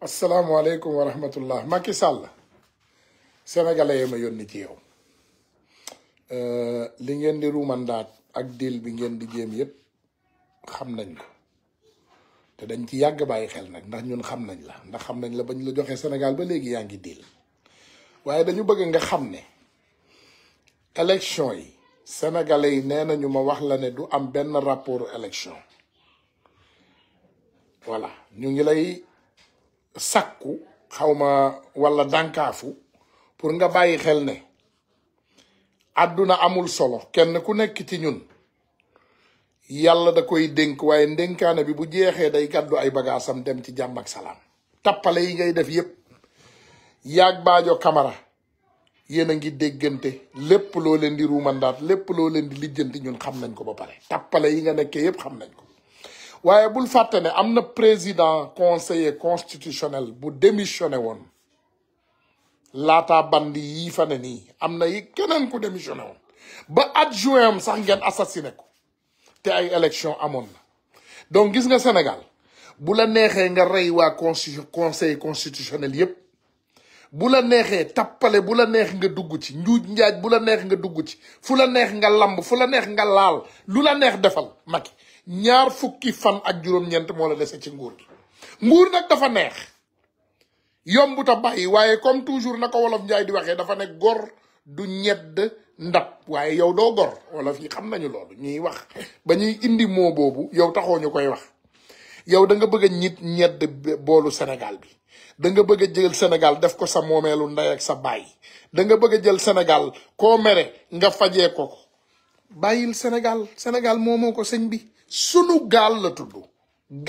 asalaamualeykum wa rahmatullah Macky Sall sénégalais yi ma yónni ci yow euh, li ngeen di ruumandaat ak deal bi ngeen di jéem yépp xam nañ ko te dañ ci yàgg bàyyi xel nag ndax ñun xam nañ la ndax xam nañ la bañ la joxee Sénégal ba léegi yaa ngi deal waaye dañu bëgg nga xam ne élection yi sénégalais yi nee nañu ma wax la ne du am benn rapport élection voilà ñu ngi lay sàkku xawma walla dànkaafu pour nga bàyyi xel ne àdduna amul solo kenn ku nekk ci ñun yàlla da koy dénk waaye ndénkaane bi bu jeexee day gàddu ay bagaasam dem ci jàmm ak salaam tappale yi ngay def yépp yaag baajo kamara yéen a ngi déggante lépp loo leen di ruumandaat lépp loo leen di lijjanti ñun xam nañ ko ba pare tappale yi nga nekkee yépp xam nañ ko waaye bul fàtte ne am na président conseiller constitutionnel bu démissionné woon laata bandi yii fa ne nii am na yi keneen ku démissionné woon ba adjoint am sax ngeen assassiné ko te ay élection amoon na donc gis nga Sénégal bu la neexee nga rey waa constitu conseil constitutionnel yépp bu la neexee tappale bu la neex nga dugg ci njuuj njaaj bu la neex nga dugg ci fu la neex nga lamb fu la neex nga laal lu la neex defal Macky ñaar fukki fan ak juróom-ñeent moo la dese ci nguur gi nguur nag dafa neex yombut a bàyyi waaye comme toujours na ko wolof njaay di waxee dafa ne gor du ñedd ndab waaye yow doo gor wolof yi xam nañu loolu ñuy wax ba ñuy indi moo boobu yow taxoo ñu koy wax yow danga nga bëgg a ñit ñedd boolu senegal bi danga nga bëgg a jël senegal def ko sa moomeelu ndey sa baay da bëgg jël Sénégal koo mere nga fajee ko ko bàyyil senegal senegal moomoo ko sëñ bi sunu gaal la tudd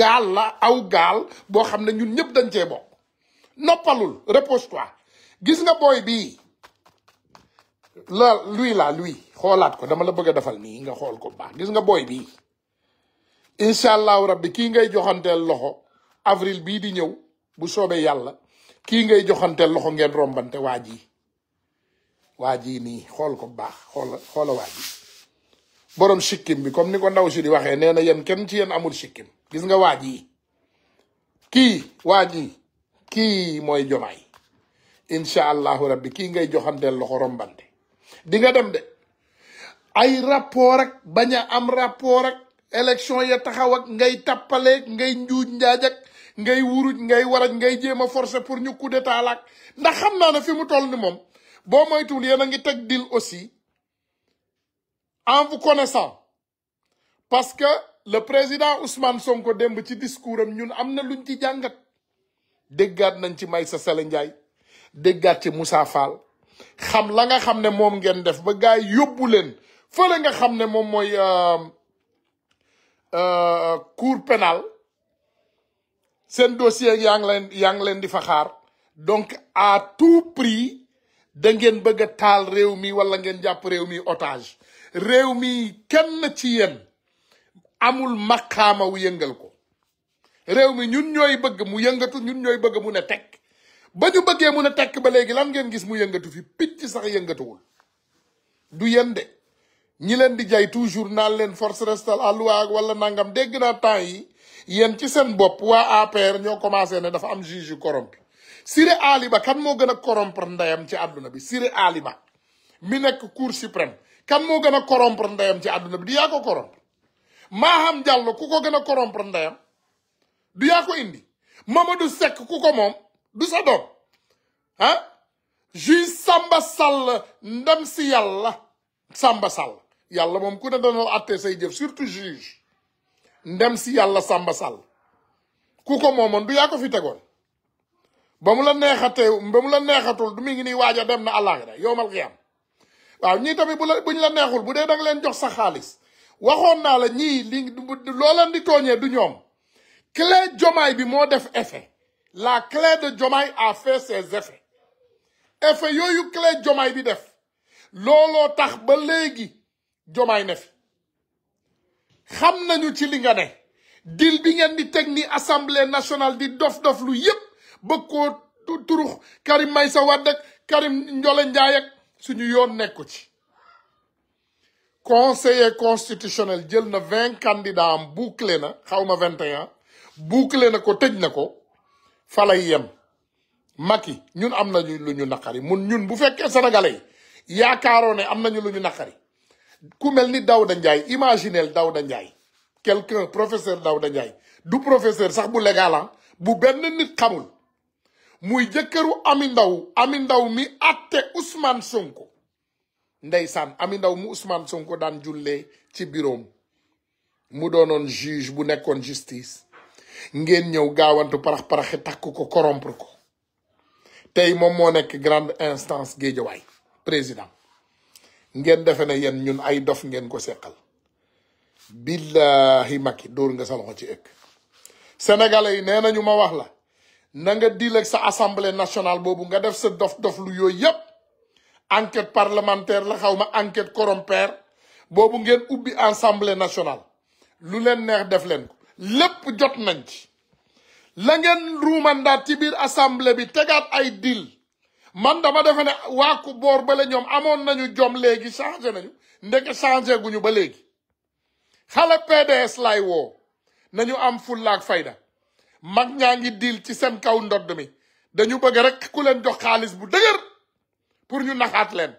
gaal la aw gaal boo xam ne ñun ñëpp dañ cee bokk noppalul repose gis nga booy bi la luy laa luy xoolaat ko dama la bëgg a defal nii nga xool ko baax gis nga booy bi incha allahu rabbi kii ngay joxanteel loxo avril bii di ñëw bu soobee yàlla kii ngay joxanteel loxo ngeen rombante waa ji waa ji nii xool ko baax xoola xoola waa borom sikkim bi comme ni ko ndaw si di neena nee na kenn ci yéen amul sikkim gis nga waaj yi kii waaj yi kii mooy jomaay incha allahu rabbi kii ngay joxanteel loxo rombante di nga dem de ay rapport ak bañ a am rapport ak élection ya taxaw ak ngay tappaleeg ngay njuuj njaaj ngay wuruj ngay waraj ngay jéem a forcer pour ñu coup d'état laak ndax xam naa ne fi mu tol ni moom boo moytuwul yéen a ngi teg dil aussi en vous connaissant parce que le président Ousmane Sonko demb ci discours am ñun am na luñ ci jàngat déggaat nañ ci Maysa Sele Ndiaye déggaat ci Moussa Fall xam la nga xam ne moom ngeen def ba gars yi yóbbu leen fële nga xam ne moom mooy euh, euh, cour pénal seen dossier yaa ngi leen yaa ngi leen di fa xaar donc à tout prix da ngeen bëgg taal réew mi wala ngeen jàpp réew mi otage réew mi kenn ci yéen amul maqaama wu yëngal ko réew mi ñun ñooy bëgg mu yëngatu ñun ñooy bëgg mu ne tekk ba ñu bëggee mu tekk ba léegi lan ngeen gis mu yëngatu fi picc sax yëngatuwul du yéen de ñi leen di jay toujours naa leen force restale à loi wala nangam dégg naa temps yi yéen ci seen bopp waa APR ñoo commencé ne dafa am juge yu corrompu Siré Ali kan moo gën a corrompre ndeyam ci àdduna bi Siré Ali Ba mi nekk cour suprême kan moo gën a corrompre ndeyam ci àdduna bi du yaa ko corrompre Maham Diallo ku ko gën a corrompre ndeyam du yaa ko indi Mamadou sekk ku ko moom du sa doom ah juge Samba Sall ndem si yàlla Samba Sall yàlla moom ku ne dañoo àttee say jëf surtout juge ndem si yàlla Samba Sall ku ko moomoon du yaa ko fi tegoon ba mu la neexatee ba mu la neexatul du mu ngi nii waaj a dem na àllaaxira yowmal am waaw ñii tamit bu ñu la neexul bu dee danga leen jox sa xaalis waxoon naa la ñii li loolan di tooñee du ñoom clé jomaay bi moo def effet la clé de jomaay a fait ses effets yooyu clé jomaay bi def looloo tax ba léegi jomaay ne fi xam nañu ci li nga ne dil bi ngeen di teg ni assemblée nationale di dof-dof lu yépp bëgg koo turux Karim Meïssa Wade ak Karim Ndiole Ndiaye ak suñu yoon nekku ci conseiller constitutionnel jël na vingt candidats am bouclé na xawma vingt et un bouclé na ko tëj na ko falay yem Macky ñun am na nañu lu ñu naqari mun ñun bu fekkee sénégalais yi yaakaaroo ne am nañu lu ñu naqari ku mel ni daw Daouda Ndiaye imaginel Daouda Ndiaye quelqu'un professeur da Ndiaye du professeur sax bu légal ah. bu benn nit xamul muy jëkkëru Ami Ndaw Ami Ndaw mi atte Ousmane Sonko ndeysaan Ami Ndaw mu Ousmane Sonko daan jullee ci biroom mu doonoon juge bu nekkoon justice ngeen ñëw gaawantu parax paraxe takk ko corrompre ko tey moom moo nekk grande instance Guédiawaye président ngeen defe na yéen ñun ay dof ngeen ko seqal billahi Macky dóor nga sa ci ëkk sénégalais yi nee nañu ma wax la na nga diil sa assemblée national boobu nga def sa dof-dof lu yooyu yëpp enquête parlementaire la xaw ma enquête corrompère boobu ngeen ubbi assemblée national lu leen neex def leen ko lépp jot nañ ci la ngeen ruumandaat ci biir assemblée bi tegaat ay dil man dama defe ne waa ku boor bale ñoom amoon nañu jom léegi changé nañu ndeke changé guñu ba léegi xale PDS lay woo nañu am fullaak fayda mag ñaa ngi diil ci seen kaw ndodd mi dañu bëgg rek ku leen jox xaalis bu dëgër pour ñu naxaat leen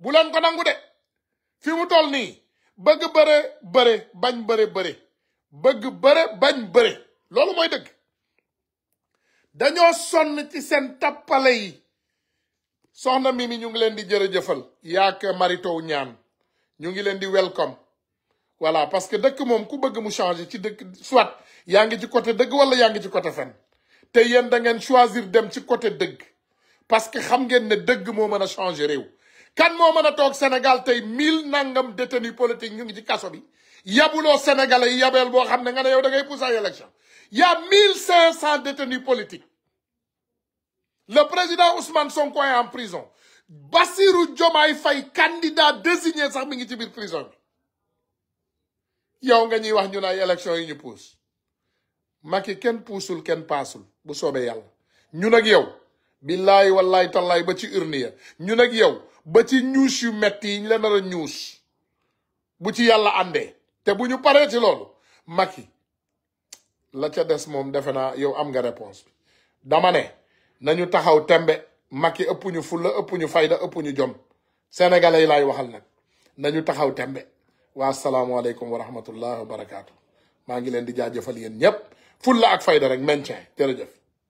bu leen ko nangu de fi mu toll nii bëgg bëre bëre bañ bëre bëre bëgg bëre bañ bëre loolu mooy dëgg dañoo sonn ci seen tappale yi soxna mi mi ñu ngi leen di jërëjëfal yaak maritow ñaan ñu ngi leen di welcome voilà parce que dëkk moom ku bëgg mu changer ci dëkk soit yaa ngi ci côté dëgg wala yaa ngi ci côté fen te yéen da ngeen choisir dem ci côté dëgg parce que xam ngeen ne dëgg moo mën a changer réew kan moo mën a toog Sénégal tey mille nangam détenu politique ñu ngi ci kaso bi yabuloo sénégalais yi yabeel boo xam ne nga ne yow da ngay pousse ay élection y a mille cinq cent détenus politiques le président Ousmane son est en prison Bassirou Diomaye Faye candidat désigné sax mi ngi ci biir prison bi yow nga ñuy wax ñu ne ay élection yi ñu puus Macky kenn puusul kenn paasul bu soobee yàlla ñun ak yow billaay wallaay tallaay ba ci urne ñu ñun ak yow ba ci ñuus yu metti yi ñu la nar ñuus bu ci yàlla àndee te bu ñu paree ci loolu Macky la ca des moom defe naa yow am nga réponse bi dama ne nañu taxaw tembe Macky ëpp ñu fulla ëpp ñu fayda ëpp ñu jom sénégalais yi laay waxal nag nañu taxaw tembe waa asalaamualeykum wa rahmatullah wa barakaatu maa ngi leen di jaajëfal yéen ñëpp fulla ak fayda rek maintien jërëjëf